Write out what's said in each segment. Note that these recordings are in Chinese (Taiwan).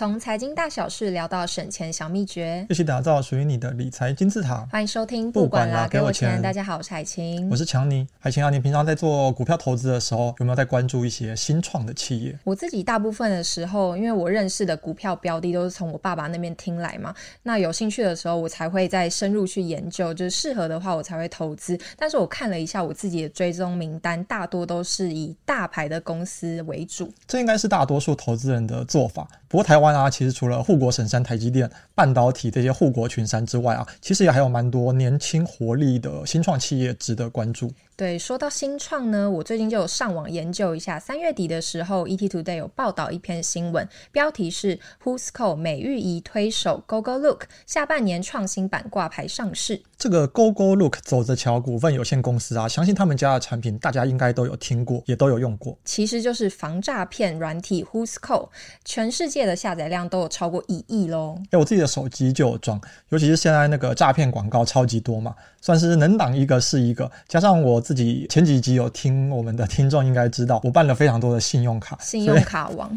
從財經大小事聊到省錢小秘訣，一起打造屬於你的理財金字塔。歡迎收聽，不管，不管啦，給我錢。給我錢。大家好，我是海晴。我是強尼。海晴，啊，你平常在做股票投資的時候，有沒有在關注一些新創的企業？我自己大部分的時候，因為我認識的股票標的都是從我爸爸那邊聽來嘛，那有興趣的時候，我才會再深入去研究，就是適合的話，我才會投資。但是我看了一下我自己的追蹤名單，大多都是以大牌的公司為主。這應該是大多數投資人的做法。不過台灣。啊，其實除了護國神山台積電、半導體這些護國群山之外啊，其實也還有蠻多年輕活力的新創企業值得關注。對，說到新創呢，我最近就有上網研究一下，三月底的時候，ET Today 有報道一篇新聞，標題是 “Whoscall？美育儀推手 Gogolook 下半年創新板掛牌上市”。這個 Gogolook 走著瞧股份有限公司啊，相信他們家的產品大家應該都有聽過，也都有用過。其實就是防詐騙軟體 Whoscall，全世界的下載量都有超過一億咯。哎，我自己的手機就有裝，尤其是現在那個詐騙廣告超級多嘛，算是能擋一個是一個。加上我自己前幾集有聽我們的聽眾應該知道，我辦了非常多的信用卡，信用卡王，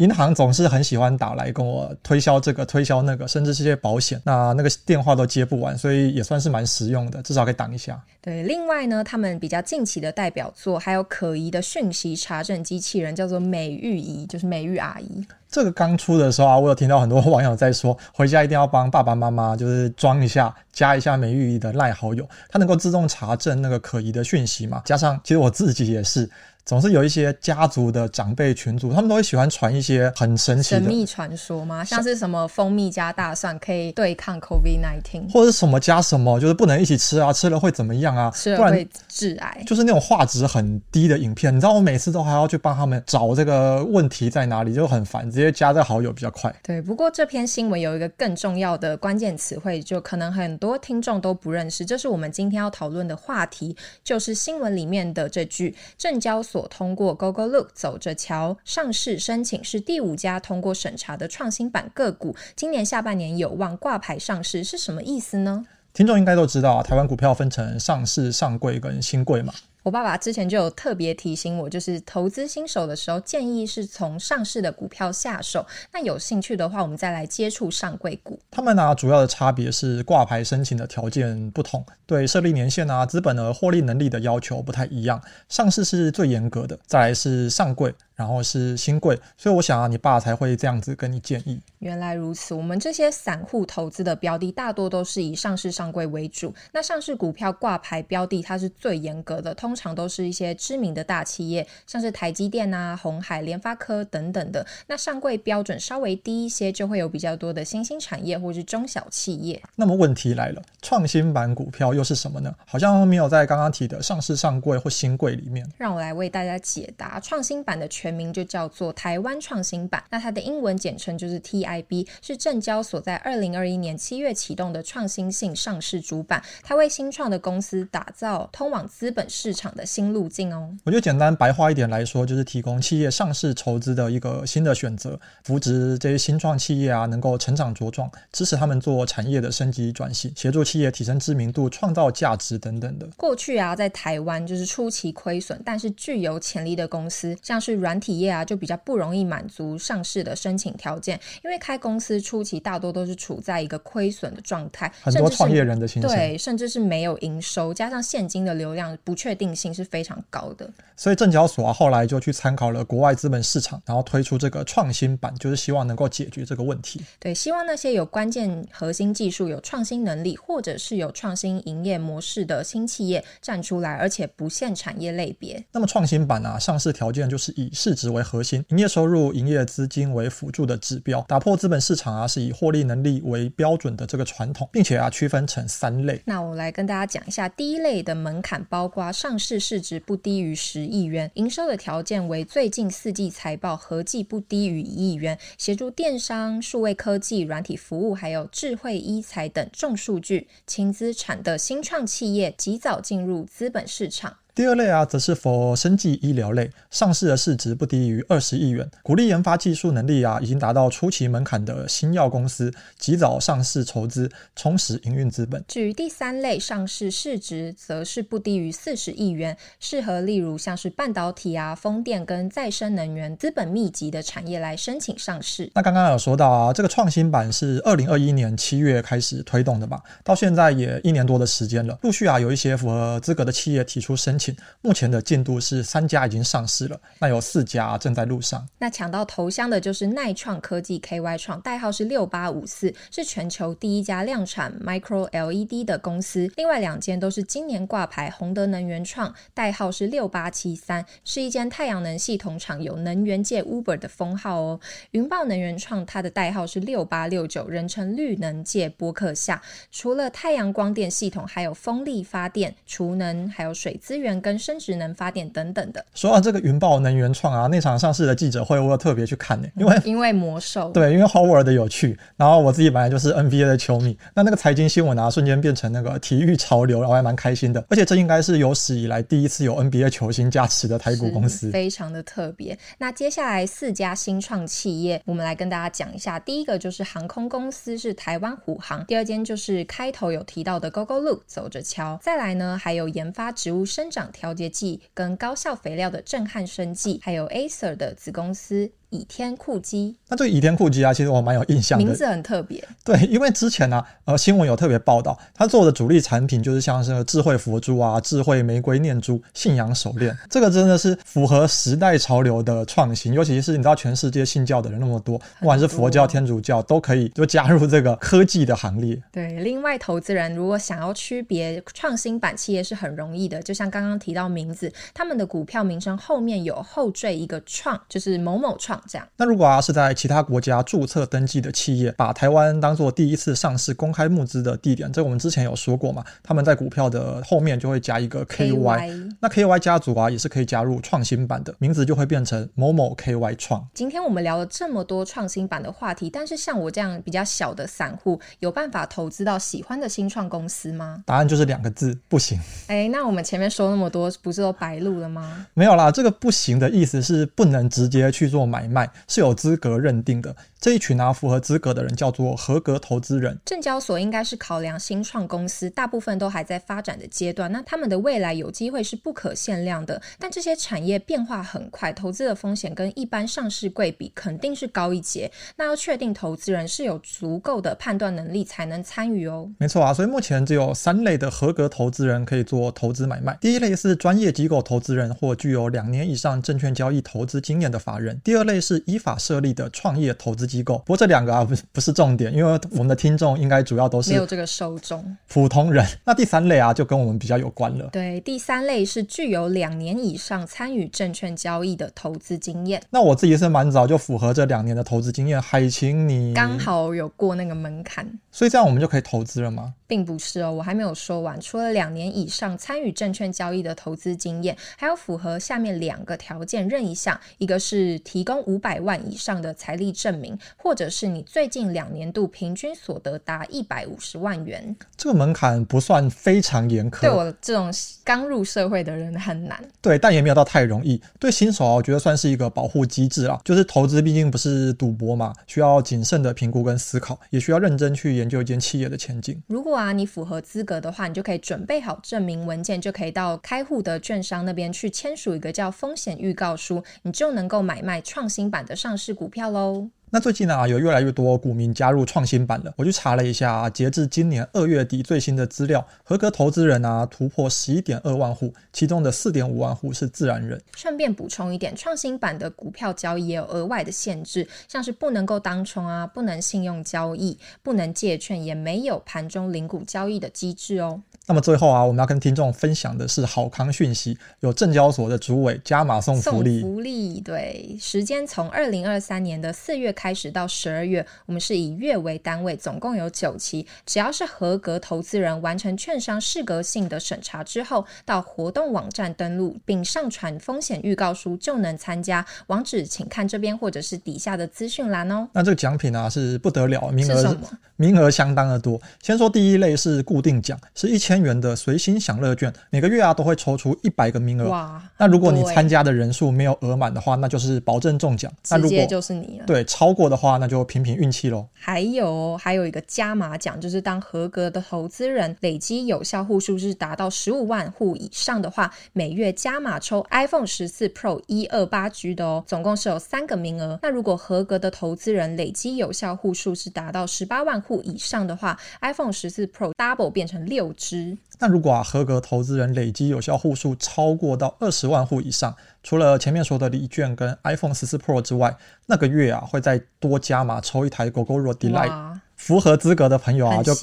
以 銀行總是很喜歡打來跟我推銷這個推銷那個，甚至是些保險，那那個電話都接不完，所以也算。是蠻實用的，至少可以擋一下。對，另外呢，他們比較近期的代表作還有可疑的訊息查證機器人，叫做美玉姨，就是美玉阿姨。這個剛出的時候啊，我有聽到很多網友在說，回家一定要幫爸爸媽媽就是裝一下，加一下美玉姨的賴好友。它能夠自動查證那個可疑的訊息嘛？加上，其實我自己也是。總是有一些家族的長輩群組，他們都會喜歡傳一些很神奇的神秘傳說嗎？像是什麼蜂蜜加大蒜可以對抗 COVID nineteen，或者什麼加什麼就是不能一起吃啊，吃了會怎麼樣啊？吃了會致癌。就是那種畫質很低的影片，你知道我每次都還要去幫他們找這個問題在哪裡，就很煩。直接加在好友比較快。對，不過這篇新聞有一個更重要的關鍵詞彙，就可能很多聽眾都不認識。這是我們今天要討論的話題，就是新聞裡面的這句“證交所”。通過 Gogolook 走着瞧，上市申請是第五家通過審查的創新板個股，今年下半年有望掛牌上市，是什麼意思呢？聽眾應該都知道啊，台灣股票分成上市、上櫃跟興櫃嘛。我爸爸之前就有特別提醒我，就是投資新手的時候，建議是從上市的股票下手。那有興趣的話，我們再來接觸上櫃股。他們呢、啊，主要的差別是掛牌申請的條件不同，對設立年限啊、資本的獲利能力的要求不太一樣。上市是最嚴格的，再來是上櫃，然後是興櫃。所以我想啊，你爸才會這樣子跟你建議。原來如此，我們這些散戶投資的標的大多都是以上市、上櫃為主。那上市股票掛牌標的，它是最嚴格的。通常都是一些知名的大企業，像是台積電啊、鴻海、聯發科等等的。那上櫃標準稍微低一些，就會有比較多的新興產業或是中小企業。那麼問題來了，創新板股票又是什麼呢？好像沒有在剛剛提的上市、上櫃或新櫃裡面。讓我來為大家解答，創新板的全名就叫做台灣創新板，那它的英文簡稱就是 TIB，是證交所在二零二一年七月啟動的創新性上市主板，它為新創的公司打造通往資本市場場的新路徑哦，我就簡單白話一點來說，就是提供企業上市籌資的一個新的選擇，扶植這些新創企業啊，能夠成長茁壯，支持他們做產業的升級轉型，協助企業提升知名度，創造價值等等的。過去啊，在台灣就是初期虧損，但是具有潛力的公司，像是軟體業啊，就比較不容易滿足上市的申請條件，因為開公司初期大多都是處在一個虧損的狀態，很多創業人的心情，對，甚至是沒有營收，加上現金的流量不確定性是非常高的，所以證交所啊後來就去參考了國外資本市場，然後推出這個創新板，就是希望能夠解決這個問題。對，希望那些有關鍵核心技術、有創新能力，或者是有創新營業模式的新企業站出來，而且不限產業類別。那麼創新板啊上市條件就是以市值為核心，營業收入、營業資金為輔助的指標，打破資本市場啊是以獲利能力為標準的這個傳統，並且啊區分成三類。那我來跟大家講一下，第一類的門檻包括上。是市值不低於十億元，營收的條件為最近四季財報合計不低於一億元，協助電商、數位科技、軟體服務，還有智慧醫材等重數據、輕資產的新創企業，及早進入資本市場。第二類啊，則是符合生技醫療類上市的市值不低於二十億元，鼓勵研發技術能力啊已經達到初期門檻的新藥公司及早上市籌資，充實營運資本。至於第三類上市市值，則是不低於四十億元，適合例如像是半導體啊、風電跟再生能源資本密集的產業來申請上市。那剛剛有說到啊，這個創新板是二零二一年七月開始推動的吧，到現在也一年多的時間了，陸續啊有一些符合資格的企業提出申請。目前的進度是三家已經上市了，那有四家、啊、正在路上。那搶到頭香的就是錼創科技 KY 創，代號是六八五四，是全球第一家量產 micro LED 的公司。另外兩間都是今年掛牌，泓德能源創，代號是六八七三，是一間太陽能系統廠，有能源界 Uber 的封號哦。雲豹能源創，它的代號是六八六九，人稱綠能界播客下。下除了太陽光電系統，還有風力發電、儲能，還有水資源，跟生質能發電等等的。說到這個雲豹能源創啊，那場上市的記者會，我有特別去看呢、欸，因為因為魔獸，對，因為 Howard 的有趣。然後我自己本來就是 NBA 的球迷，那那個財經新聞啊，瞬間變成那個體育潮流，然後還蠻開心的。而且這應該是有史以來第一次有 NBA 球星加持的台股公司，非常的特別。那接下來四家新創企業，我們來跟大家講一下。第一個就是航空公司是台灣虎航，第二間就是開頭有提到的 Gogolook，走着瞧。再來呢，還有研發植物生長。調節劑跟高效肥料的震撼生技，還有 Acer 的子公司，倚天酷碁，那對倚天酷碁啊，其實我蠻有印象的，名字很特別。對，因為之前呢、啊，呃，新聞有特別報道，他做的主力產品就是像是智慧佛珠啊、智慧玫瑰念珠、信仰手鏈，這個真的是符合時代潮流的創新。尤其是你知道，全世界信教的人那麼多，多不管是佛教、天主教，都可以就加入這個科技的行列。對，另外投資人如果想要區別創新板企業是很容易的，就像剛剛提到名字，他們的股票名稱後面有後綴一個“創”，就是某某創。這樣，那如果啊是在其他國家注冊登記的企業，把台灣當做第一次上市公開募資的地點，這我們之前有說過嘛，他們在股票的後面就會加一個 KY，、y、那 KY 家族啊也是可以加入創新板的，名字就會變成某某 KY 創。今天我們聊了這麼多創新板的話題，但是像我這樣比較小的散戶，有辦法投資到喜歡的新創公司嗎？答案就是兩個字，不行。哎、欸，那我們前面說那麼多，不是都白錄了嗎？ 沒有啦，這個不行的意思是不能直接去做買。賣，是有資格認定的這一群拿、啊，符合資格的人叫做合格投資人。證交所應該是考量新創公司大部分都還在發展的階段，那他們的未來有機會是不可限量的。但這些產業變化很快，投資的風險跟一般上市櫃比肯定是高一截。那要確定投資人是有足夠的判斷能力才能參與哦。沒錯啊，所以目前只有三類的合格投資人可以做投資買賣。第一類是專業機構投資人或具有兩年以上證券交易投資經驗的法人。第二類。是依法設立的創業投資機構，不過這兩個啊，不是不是重點，因為我們的聽眾應該主要都是沒有這個受眾普通人。那第三類啊，就跟我們比較有關了。對，第三類是具有兩年以上參與證券交易的投資經驗。那我自己是蠻早就符合這兩年的投資經驗，海晴你剛好有過那個門檻。所以這樣我們就可以投資了嗎？並不是哦，我還沒有說完。除了兩年以上參與證券交易的投資經驗，還要符合下面兩個條件任一項：一個是提供五百萬以上的財力證明，或者是你最近兩年度平均所得達一百五十萬元。這個門檻不算非常嚴苛，對我這種剛入社會的人很難。對，但也沒有到太容易。對新手啊，我覺得算是一個保護機制了。就是投資畢竟不是賭博嘛，需要謹慎的評估跟思考，也需要認真去研。就一間企業的前景。如果啊，你符合資格的話，你就可以準備好證明文件，就可以到開戶的券商那邊去簽署一個叫風險預告書，你就能夠買賣創新板的上市股票嘍。那最近啊，有越來越多股民加入創新板了。我去查了一下啊，截至今年二月底最新的資料，合格投資人啊突破十一點二萬戶，其中的四點五萬戶是自然人。順便補充一點，創新板的股票交易也有額外的限制，像是不能夠當沖啊，不能信用交易，不能借券，也沒有盤中零股交易的機制哦。那麼最後啊，我們要跟聽眾分享的是好康訊息，有證交所的主委加碼送福利，福利對，時間從二零二三年的四月開始到十二月，我們是以月為單位，總共有九期，只要是合格投資人完成券商適格性的審查之後，到活動網站登錄並上傳風險預告書就能參加，網址請看這邊或者是底下的資訊欄哦。那這個獎品啊是不得了，名額，是什麼？名額相當的多。先說第一類是固定獎，是一千元的隨心享樂券，每個月啊都會抽出一百個名額。哇！那如果你參加的人數沒有額滿的話，對那就是保證中獎。直接就是你了。那如果，對，超過的話那就憑憑運氣嘍。還有哦，還有一個加碼獎，就是當合格的投資人累積有效戶數是達到十五萬戶以上的話，每月加碼抽 iPhone 十四 Pro 一二八 G 的哦，總共是有三個名額。那如果合格的投資人累積有效戶數是達到十八萬戶，戶以上的話，iPhone 十四 Pro Double 變成六支。那如果合格投資人累積有效戶數超過到二十萬戶以上，除了前面說的禮券跟 iPhone 十四 Pro 之外，那個月啊會再多加碼抽一台 Gogoro Delight。符合資格的朋友啊，就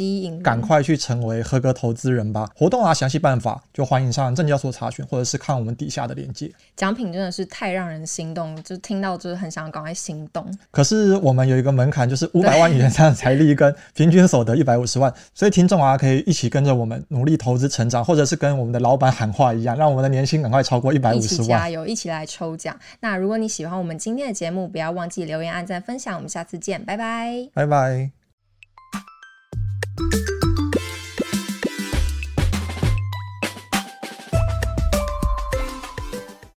趕快去成為合格投資人吧！活動啊，詳細辦法就歡迎上證交所查詢，或者是看我們底下的鏈接。獎品真的是太讓人心動，就聽到就是很想趕快行動。可是我們有一個門檻，就是五百萬元以上的財力跟平均所得一百五十萬，對 所以聽眾啊可以一起跟着我們努力投資成長，或者是跟我們的老板喊話一樣，讓我們的年薪趕快超過一百五十萬。一起加油，一起來抽獎。那如果你喜歡我們今天的節目，不要忘記留言、按讚、分享。我們下次見，拜拜！拜拜。